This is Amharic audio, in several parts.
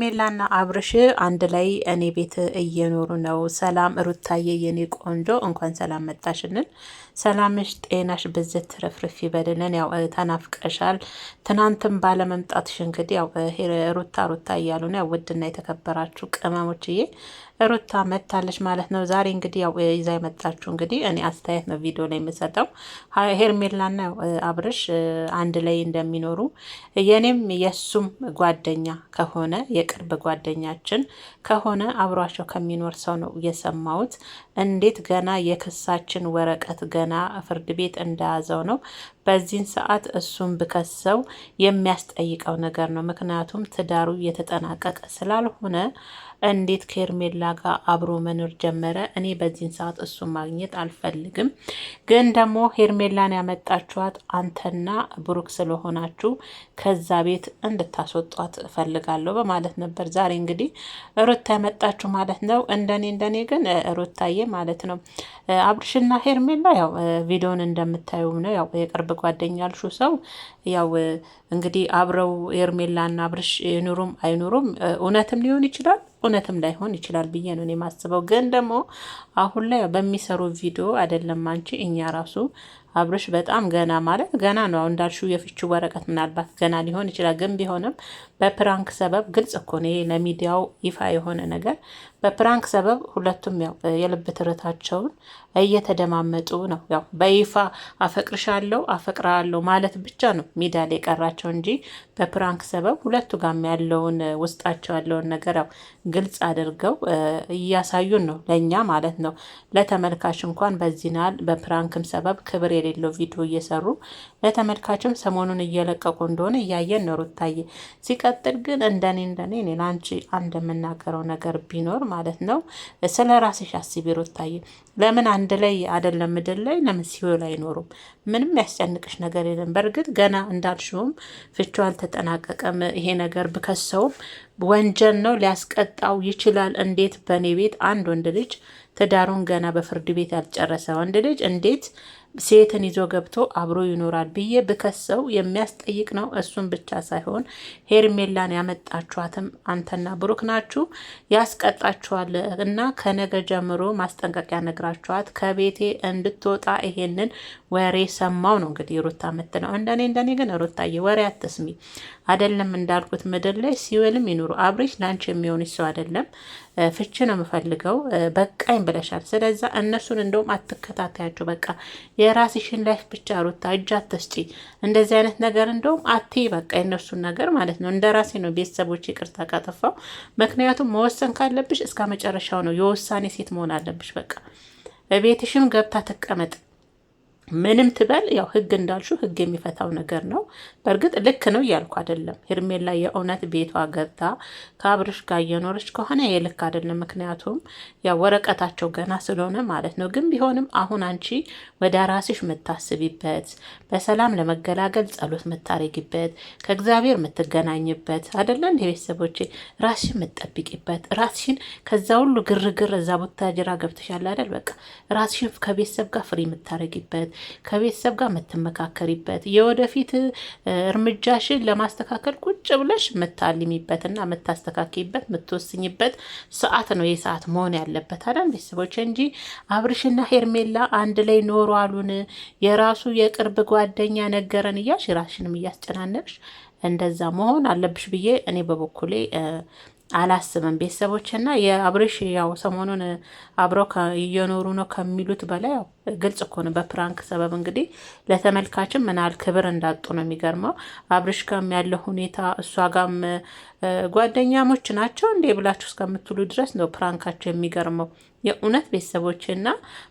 ሜላና አብርሽ አንድ ላይ እኔ ቤት እየኖሩ ነው። ሰላም ሩታዬ የኔ ቆንጆ እንኳን ሰላም መጣሽንን። ሰላምሽ ጤናሽ ብዝት ትረፍርፍ ይበልንን። ያው ተናፍቀሻል። ትናንትም ባለመምጣትሽ እንግዲህ ያው ሩታ ሩታ እያሉ ነው። ያው ውድና የተከበራችሁ ቅመሞችዬ ሩታ መታለች ማለት ነው። ዛሬ እንግዲህ ያው ይዛ የመጣችሁ እንግዲህ እኔ አስተያየት ነው ቪዲዮ ላይ የምሰጠው። ሄርሜላና አብርሽ አንድ ላይ እንደሚኖሩ የእኔም የእሱም ጓደኛ ከሆነ የቅርብ ጓደኛችን ከሆነ አብሯቸው ከሚኖር ሰው ነው የሰማሁት። እንዴት ገና የክሳችን ወረቀት ገና ፍርድ ቤት እንደያዘው ነው በዚህን ሰዓት እሱን ብከሰው የሚያስጠይቀው ነገር ነው። ምክንያቱም ትዳሩ የተጠናቀቀ ስላልሆነ እንዴት ከሄርሜላ ጋር አብሮ መኖር ጀመረ። እኔ በዚህን ሰዓት እሱን ማግኘት አልፈልግም፣ ግን ደግሞ ሄርሜላን ያመጣችኋት አንተና ብሩክ ስለሆናችሁ ከዛ ቤት እንድታስወጧት እፈልጋለሁ በማለት ነበር። ዛሬ እንግዲህ ሩታ ያመጣችሁ ማለት ነው። እንደኔ እንደኔ ግን ሩታዬ ማለት ነው አብርሽና ሄርሜላ ያው ቪዲዮን እንደምታዩም ነው ያው የቅርብ ጓደኛ ያልሹ ሰው ያው እንግዲህ አብረው ሄርሜላና አብርሽ ይኑሩም አይኑሩም እውነትም ሊሆን ይችላል። እውነትም ላይሆን ይችላል ብዬ ነው የማስበው። ግን ደግሞ አሁን ላይ በሚሰሩ ቪዲዮ አይደለም አንቺ እኛ ራሱ አብርሽ በጣም ገና ማለት ገና ነው እንዳልሽው የፍቹ ወረቀት ምናልባት ገና ሊሆን ይችላል። ግን ቢሆንም በፕራንክ ሰበብ ግልጽ እኮ ነው ይሄ ለሚዲያው ይፋ የሆነ ነገር። በፕራንክ ሰበብ ሁለቱም ያው የልብ ትርታቸውን እየተደማመጡ ነው። ያው በይፋ አፈቅርሻለሁ አፈቅራለሁ ማለት ብቻ ነው ሚዲያ ላይ የቀራቸው እንጂ በፕራንክ ሰበብ ሁለቱ ጋም ያለውን ውስጣቸው ያለውን ነገር ያው ግልጽ አድርገው እያሳዩን ነው ለእኛ ማለት ነው ለተመልካች እንኳን በዚህ ናል በፕራንክም ሰበብ ክብር የሌለው ቪዲዮ እየሰሩ ለተመልካችም ሰሞኑን እየለቀቁ እንደሆነ እያየን ነው ሩታዬ። ሲቀጥል ግን እንደኔ እንደኔ እኔ ለአንቺ አንድ የምናገረው ነገር ቢኖር ማለት ነው ስለ ራስሽ አስቢ ሩታዬ። ለምን አንድ ላይ አይደለም ምድር ላይ ለምን ሲኦል አይኖሩም? ምንም ያስጨንቅሽ ነገር የለም። በእርግጥ ገና እንዳልሽውም ፍቹ አልተጠናቀቀም። ይሄ ነገር ብከሰውም ወንጀል ነው፣ ሊያስቀጣው ይችላል። እንዴት በእኔ ቤት አንድ ወንድ ልጅ ትዳሩን ገና በፍርድ ቤት ያልጨረሰ ወንድ ልጅ እንዴት ሴትን ይዞ ገብቶ አብሮ ይኖራል ብዬ ብከሰው የሚያስጠይቅ ነው። እሱን ብቻ ሳይሆን ሄርሜላን ያመጣችኋትም አንተና ብሩክ ናችሁ፣ ያስቀጣችኋል እና ከነገ ጀምሮ ማስጠንቀቂያ ነግራችኋት ከቤቴ እንድትወጣ ይሄንን ወሬ ሰማው ነው እንግዲህ ሩታ ምትለው። እንደኔ እንደኔ ግን ሩታዬ ወሬ አትስሚ። አይደለም እንዳልኩት ምድር ላይ ሲወልም ይኑሩ። አብሬሽ ለአንቺ የሚሆንሽ ሰው አይደለም። ፍቺ ነው የምፈልገው። በቃኝ ብለሻል። ስለዛ እነሱን እንደውም አትከታተያቸው። በቃ የራስሽን ላይፍ ብቻ ሩታ እጅ አትስጪ። እንደዚህ አይነት ነገር እንደውም አትይ። በቃ የእነሱን ነገር ማለት ነው። እንደ ራሴ ነው ቤተሰቦች ይቅርታ ካጠፋው። ምክንያቱም መወሰን ካለብሽ እስከ መጨረሻው ነው። የውሳኔ ሴት መሆን አለብሽ። በቃ በቤትሽም ገብታ ትቀመጥ። ምንም ትበል ያው ህግ እንዳልሹ ህግ የሚፈታው ነገር ነው። በእርግጥ ልክ ነው እያልኩ አይደለም። ሄርሜላ የእውነት ቤቷ ገብታ ከአብርሽ ጋር እየኖረች ከሆነ የልክ አይደለም። ምክንያቱም ያው ወረቀታቸው ገና ስለሆነ ማለት ነው። ግን ቢሆንም አሁን አንቺ ወደ ራስሽ የምታስቢበት፣ በሰላም ለመገላገል ጸሎት የምታረጊበት፣ ከእግዚአብሔር የምትገናኝበት አይደለም እንደ ቤተሰቦቼ ራስሽን የምትጠብቂበት ራስሽን ከዛ ሁሉ ግርግር እዛ ቦታ ጅራ ገብተሻል አይደል በቃ ራስሽን ከቤተሰብ ጋር ፍሪ የምታረጊበት ከቤተሰብ ጋር የምትመካከሪበት የወደፊት እርምጃሽን ለማስተካከል ቁጭ ብለሽ የምታልሚበት እና የምታስተካክይበት የምትወስኝበት ሰዓት ነው የሰዓት መሆን ያለበት አዳም ቤተሰቦች እንጂ አብርሽና ሄርሜላ አንድ ላይ ኖሩ አሉን የራሱ የቅርብ ጓደኛ ነገረን እያልሽ ራሽንም እያስጨናነቅሽ እንደዛ መሆን አለብሽ ብዬ እኔ በበኩሌ አላስብም። ቤተሰቦች እና የአብርሽ ያው ሰሞኑን አብረው እየኖሩ ነው ከሚሉት በላይ ያው ግልጽ እኮ ነው። በፕራንክ ሰበብ እንግዲህ ለተመልካችም ምን ያህል ክብር እንዳጡ ነው የሚገርመው። አብርሽ ጋም ያለው ሁኔታ እሷ ጋም ጓደኛሞች ናቸው እንዴ ብላችሁ እስከምትሉ ድረስ ነው ፕራንካቸው የሚገርመው። የእውነት ቤተሰቦችና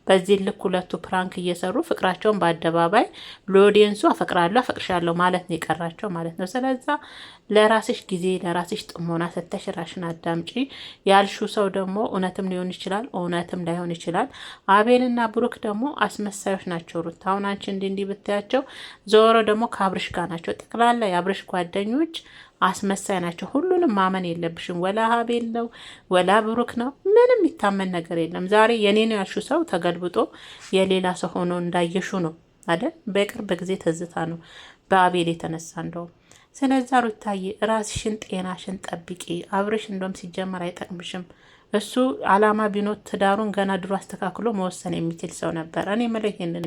በዚህ ልክ ሁለቱ ፕራንክ እየሰሩ ፍቅራቸውን በአደባባይ ለኦዲየንሱ አፈቅራለሁ አፈቅርሻለሁ ማለት ነው የቀራቸው ማለት ነው። ስለዛ ለራስሽ ጊዜ ለራስሽ ጥሞና ሰተሽ ራሽን አዳምጪ። ያልሹ ሰው ደግሞ እውነትም ሊሆን ይችላል እውነትም ላይሆን ይችላል። አቤልና ብሩክ ደግሞ አስመሳዮች ናቸው። ሩታ አሁን አንቺ እንዲህ እንዲህ ብታያቸው፣ ዞሮ ደግሞ ከአብርሽ ጋር ናቸው። ጠቅላላ የአብርሽ ጓደኞች አስመሳይ ናቸው። ሁሉንም ማመን የለብሽም። ወላ ሀቤል ነው ወላ ብሩክ ነው፣ ምንም ይታመን ነገር የለም። ዛሬ የኔ ነው ያልሹ ሰው ተገልብጦ የሌላ ሰው ሆኖ እንዳየሹ ነው አይደል? በቅርብ ጊዜ ትዝታ ነው በአቤል የተነሳ እንደውም ስለዛ ሩታዬ ራስሽን ጤናሽን ጠብቂ። አብርሽ እንደም ሲጀመር አይጠቅምሽም። እሱ አላማ ቢኖር ትዳሩን ገና ድሮ አስተካክሎ መወሰን የሚችል ሰው ነበር። እኔ የምለው ይሄንን